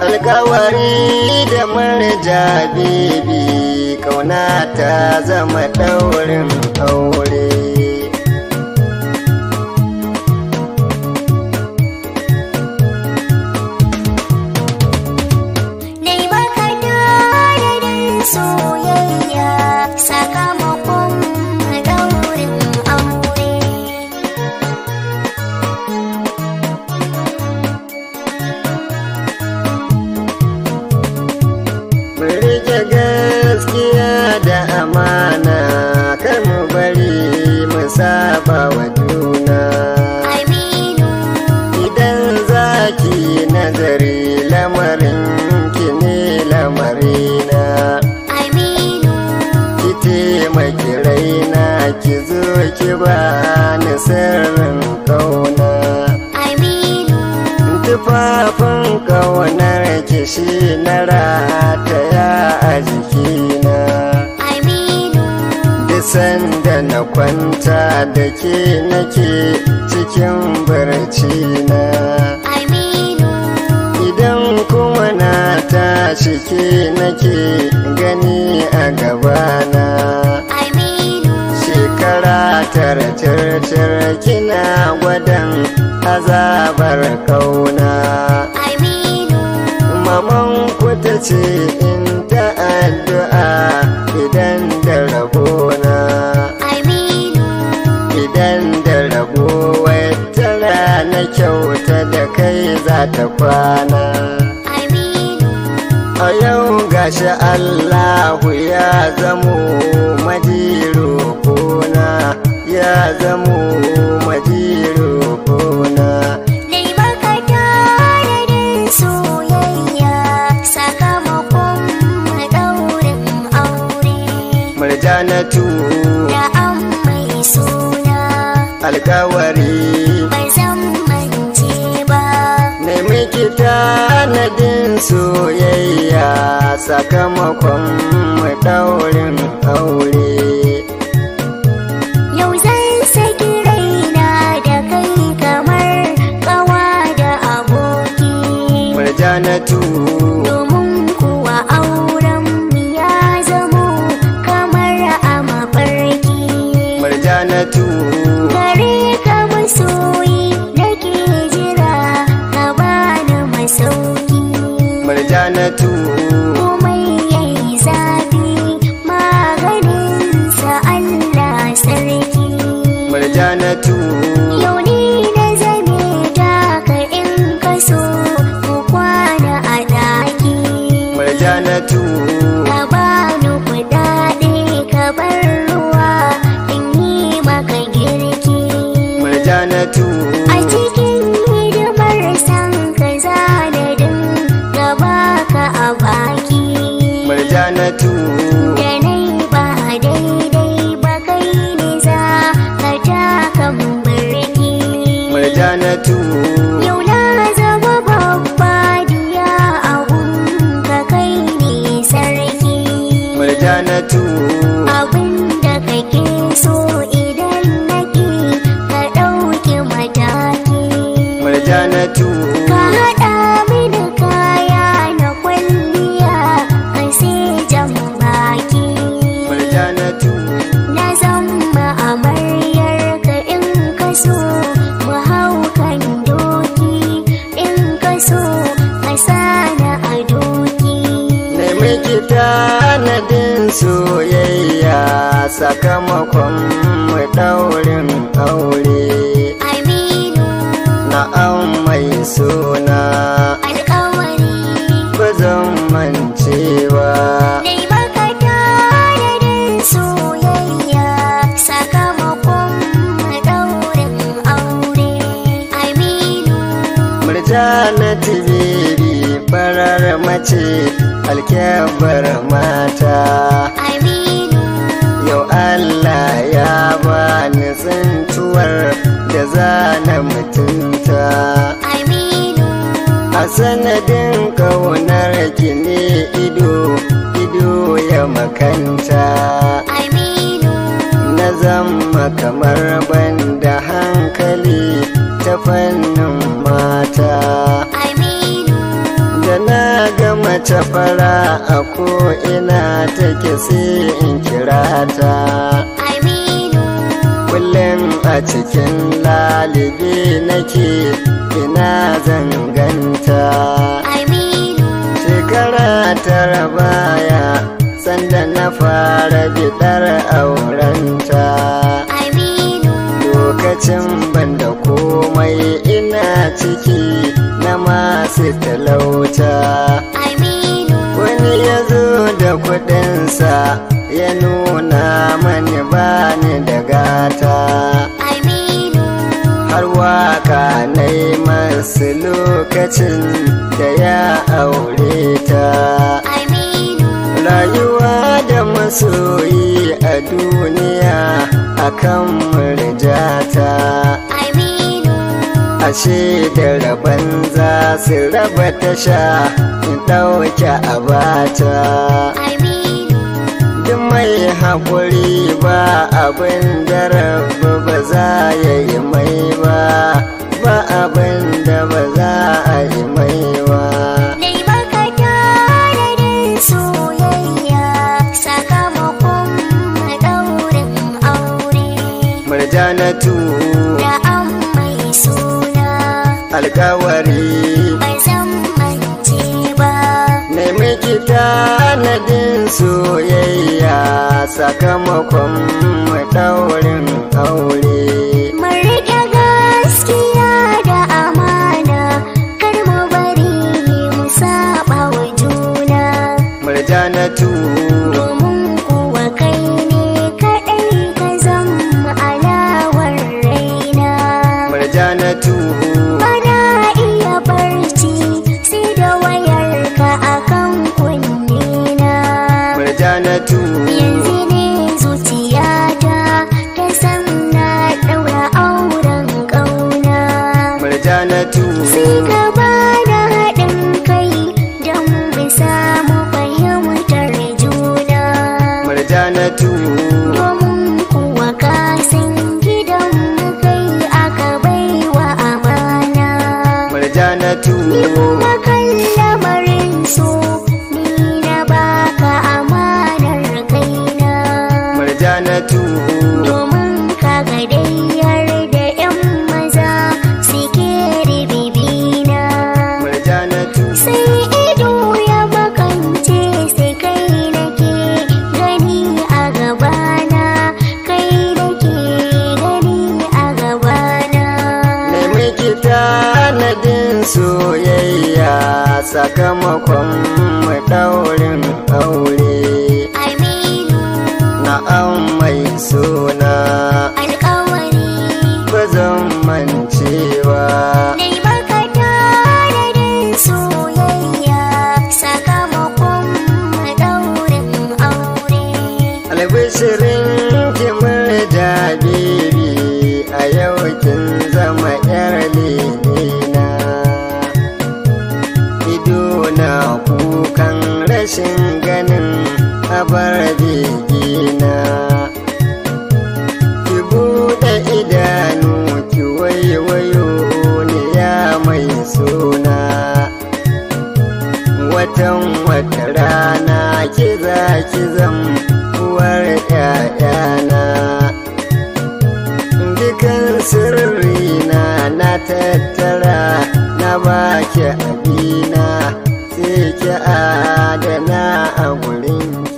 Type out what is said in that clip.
alkawari da marja bibi kauna ta zama daurin aure gaskiya da amana kar bari mu saba wa juna idan za ki nazari lamarin ki ne lamarina ki taimaki raina ki zo ki ba ni sirrin kauna tufafin kaunar ki shi na rataya a jikina Disan da na kwanta da ke nake cikin barci na, barcina Idan kuma na tashi ke nake gani a gabana Shekara tara circir kina gwadon azabar kauna Maman ku ta ce in na kyauta da kai za ta kwana a yau gashi allahu ya zamo majiro kona ya zamo majiro kona Murjanatu da an mai suna alkawari tanadin soyayya sakamakon mu ɗau yau na zama babba diya a gunka kai ne sarki murjanatu da kake so idan nake ka ɗauke mataki soyayya sakamakon mu daurin aure aminu na'am mai suna alkawari ba zan mance ba Janati biri farar mace alkyabar ma sanadin kaunar gini ido ido ya makanta aminu na zama kamar banda hankali ta fannin mata da na gama ta fara a ko'ina take sai in kullum a cikin lalibi nake ina zanganta shekara tara baya sanda na fara bidar aurenta lokacin banda komai ina ciki na masu talauta Kudinsa ya nuna mani bani da gata har waka na yi masu lokacin da ya aure ta rayuwa da masoyi a duniya akan murjata ashe da rabon za su raba tasha ɗauke a bata duk mai haƙuri ba abin da rabu ba za ya yi mai ba ba abin da ba za a yi mai ba da an mai suna alkawari sakamakon 祝你。sakamakon mu daurin tattara na baki abina sai ki adana a wurin